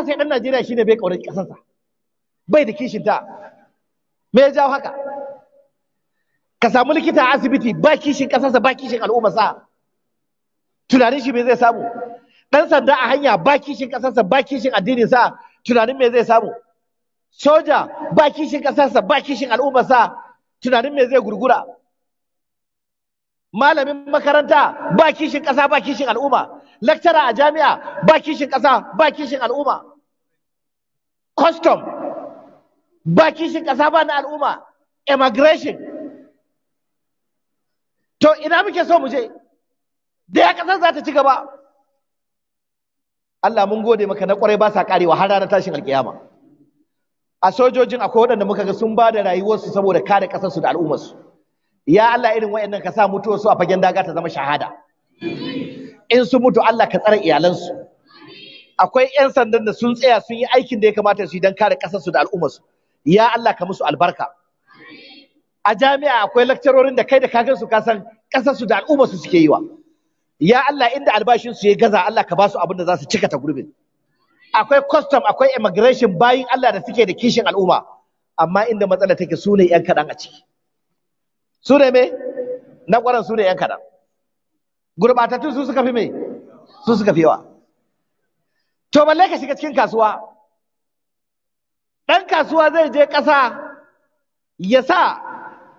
yasa sai ɗan Najeriya shine bai ƙaurin kasarsa bai da kishin ta me ya jawo haka ka samu likita a asibiti ba kishin kasarsa ba kishin al'ummarsa tunanin shi me zai samu Ɗan sanda a hanya ba kishin kasarsa ba kishin addininsa tunanin me zai samu soja ba kishin kasarsa ba kishin al'ummarsa tunanin me zai gurgura malamin makaranta ba kishin ƙasa ba kishin al'umma lecturer a jami'a ba kishin ƙasa ba kishin al'umma custom ba kishin ƙasa ba na al'umma immigration to ina muke so mu je da ya ƙasar za ta ci gaba Allah mun gode maka na ƙwarai ba sa karewa har ranar tashin alkiyama. a sojojin akwai waɗanda muka ga sun ba da rayuwarsu saboda kare ƙasarsu da al'ummarsu ya Allah irin waɗannan ka sa mutuwarsu a fagen daga ta zama shahada in su mutu Allah ka tsare iyalansu akwai 'yan sandan da sun tsaya sun yi aikin da ya kamata su yi don kare ƙasarsu da al'ummarsu ya Allah ka musu albarka a jami'a akwai lakcarorin da kai da kagan su kasan ƙasarsu da al'ummarsu suke yi wa ya Allah inda albashin su ya gaza Allah ka ba su abin da za su cika ta gurbin akwai custom akwai immigration bayin Allah da suke da kishin al'umma amma inda matsala take su ne 'yan kaɗan a ciki su ne me na ƙwaran su ne 'yan kaɗan gurɓatattun su suka fi me su suka fi yawa to balle ka shiga cikin kasuwa ɗan kasuwa zai je ƙasa ya sa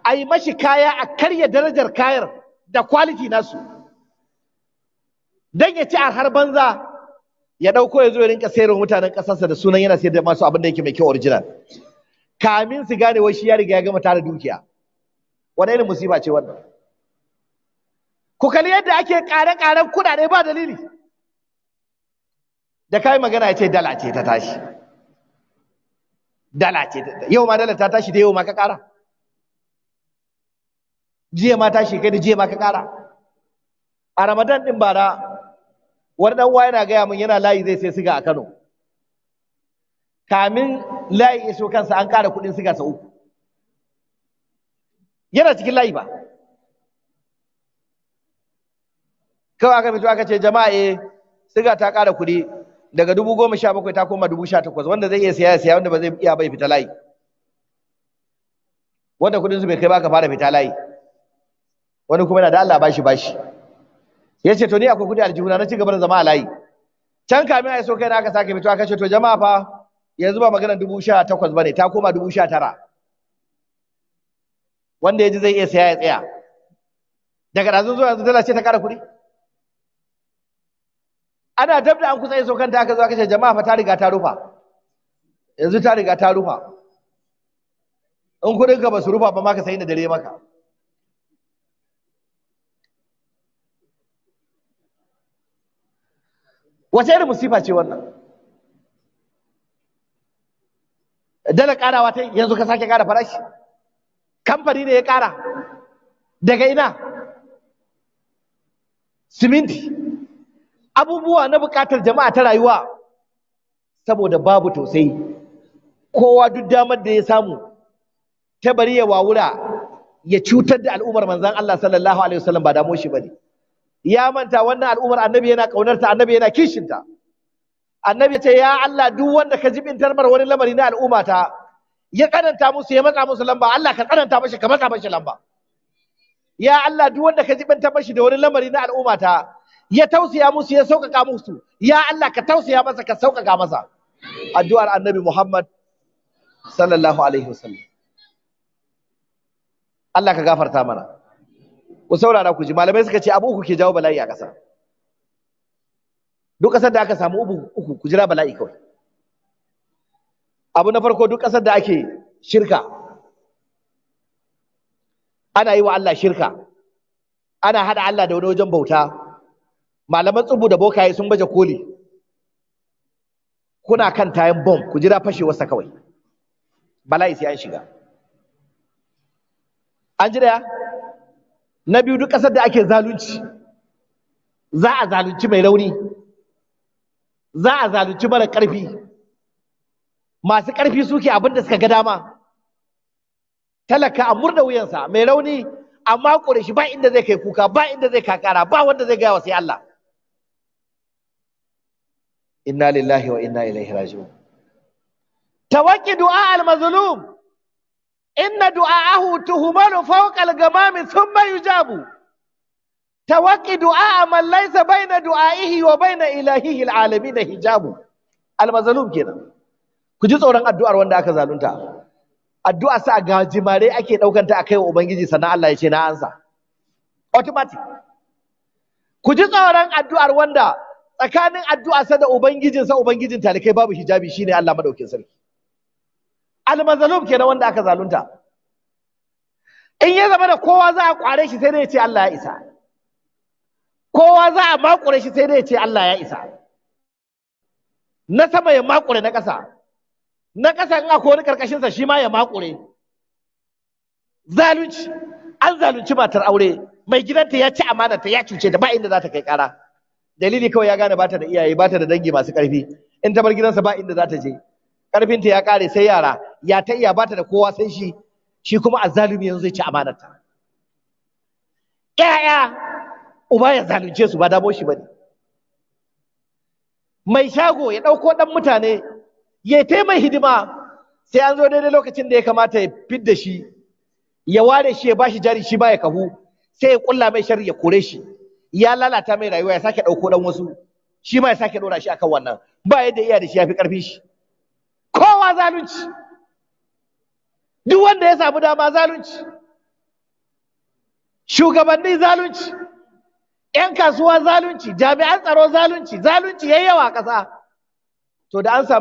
a yi mashi kaya a karya darajar kayar da kwaliti nasu dan ya ci a har banza ya ɗauko ya zo ya rinka sayar mutanen ƙasarsa da sunan yana sayar da masu abin da yake mai kyau original kamin su gane wai shi ya riga ya gama tara dukiya wani irin musiba ce wannan ku kalli yadda ake ƙare-ƙaren kuɗaɗe ba dalili da kai magana ya ce dala ce ta tashi dala ce ta yau ma dala ta tashi da yau ma ka ƙara jiya ma tashi kai da jiya ma ka ƙara a ramadan din bara wani dan uwa yana gaya min yana layi zai sai siga a Kano kamin layi ya so kansa an ƙara kudin siga sa uku yana cikin layi ba kawai aka fito aka ce jama'a eh siga ta ƙara kuɗi daga dubu goma sha bakwai ta koma dubu sha takwas wanda zai iya siya ya siya wanda ba zai iya bai fita layi wanda kudin su bai kai ba ka fara fita layi wani kuma yana da Allah bashi bashi ya ce to ni akwai kudi aljihuna na ci gaba da zama a layi can kamin a so kai na aka sake fito aka ce to jama'a fa yanzu ba magana dubu sha takwas ba ne ta koma dubu sha tara wanda ya ji zai iya siya ya tsaya daga ɗazu zuwa yanzu dala ce ta ƙara kuɗi ana dab da an kusa iso kanta aka zo aka jama'a fa ta riga ta rufa yanzu ta riga ta rufa in kudin ka ba su rufa ba ma ka sai da dare maka wace irin musifa ce wannan dala karawa ta yanzu ka sake kara farashi kamfani ne ya kara daga ina siminti abubuwa na buƙatar jama'a ta rayuwa saboda babu tausayi kowa duk damar da ya samu ta bari ya wawura ya cutar da al'ummar manzan Allah sallallahu alaihi wasallam ba damo shi bane ya manta wannan al'ummar annabi yana kaunarta annabi yana kishinta annabi ce ya Allah duk wanda ka jibin tarmar wani lamari na al'umata ya tsananta musu ya matsa musu lamba Allah ka tsananta mashi ka matsa mashi lamba ya Allah duk wanda ka tarmar shi da wani lamari na ta. ya tausaya musu ya sauƙaƙa musu ya Allah ka tausaya masa ka sauƙaƙa masa addu'ar annabi Muhammad sallallahu alaihi wasallam Allah ka gafarta mana ku saurara ku ji malamai suka ce abu uku ke jawo bala'i a ƙasa duk ƙasar da aka samu uku uku ku jira bala'i kawai abu na farko duk ƙasar da ake shirka ana yi wa Allah shirka ana hada Allah da wani wajen bauta malaman tsubu da bokaye sun baje koli kuna kan tayan bom ku jira fashewarsa kawai bala'i sai an shiga an jira na biyu duk ƙasar da ake zalunci za a zalunci mai rauni za a zalunci mara ƙarfi masu ƙarfi suke abin da suka ga dama talaka a murda wuyansa mai rauni amma ƙure shi ba inda zai kai kuka ba inda zai kakara ba wanda zai gaya wa sai Allah inna lillahi wa inna ilaihi raji'un tawaki du'a al-mazlum inna du'aahu tuhmalu fawqa al-gamami thumma yujabu tawaki du'a man laysa bayna du'aihi wa bayna ilahihi al-alamin hijabu al-mazlum kenan ku ji tsoron addu'ar wanda aka zalunta addu'a sa gajimare ake daukanta akai wa ubangiji sana Allah ya ce na ansa automatic ku ji tsoron addu'ar wanda tsakanin addu'a sa da ubangijin sa ubangijin talikai babu hijabi shine Allah madaukin sarki almazalum kenan wanda aka zalunta in ya zama da kowa za a kware shi sai dai ya ce Allah ya isa kowa za a makure shi sai dai ya ce Allah ya isa na sama ya makure na ƙasa na ƙasa in akwai wani karkashin sa shi ma ya makure zalunci an zalunci matar aure mai gidanta ya ci amanarta ya cuce da ba inda za ta kai ƙara dalili kawai ya gane bata da iyaye bata da dangi masu karfi in ta bar gidansa ba inda za ta je karfinta ya kare sai yara ya ta iya bata da kowa sai shi shi kuma azzalumi yanzu zai ci amanarta Yaya uba ya zalunce su ba damo shi bane mai shago ya ɗauko ɗan mutane ya tai mai hidima sai an zo daidai lokacin da ya kamata ya fidda shi ya ware shi ya bashi jari shi ba ya kahu sai ya kulla mai sharri ya kore shi ya lalata mai rayuwa ya sake ɗauko ɗan wasu shi ma ya sake ɗora shi akan wannan ba yadda iya da shi ya fi ƙarfi shi kowa zalunci duk wanda ya samu dama zalunci shugabanni zalunci 'yan kasuwa zalunci jami'an tsaro zalunci zalunci yayi yawa ƙasa to da an samu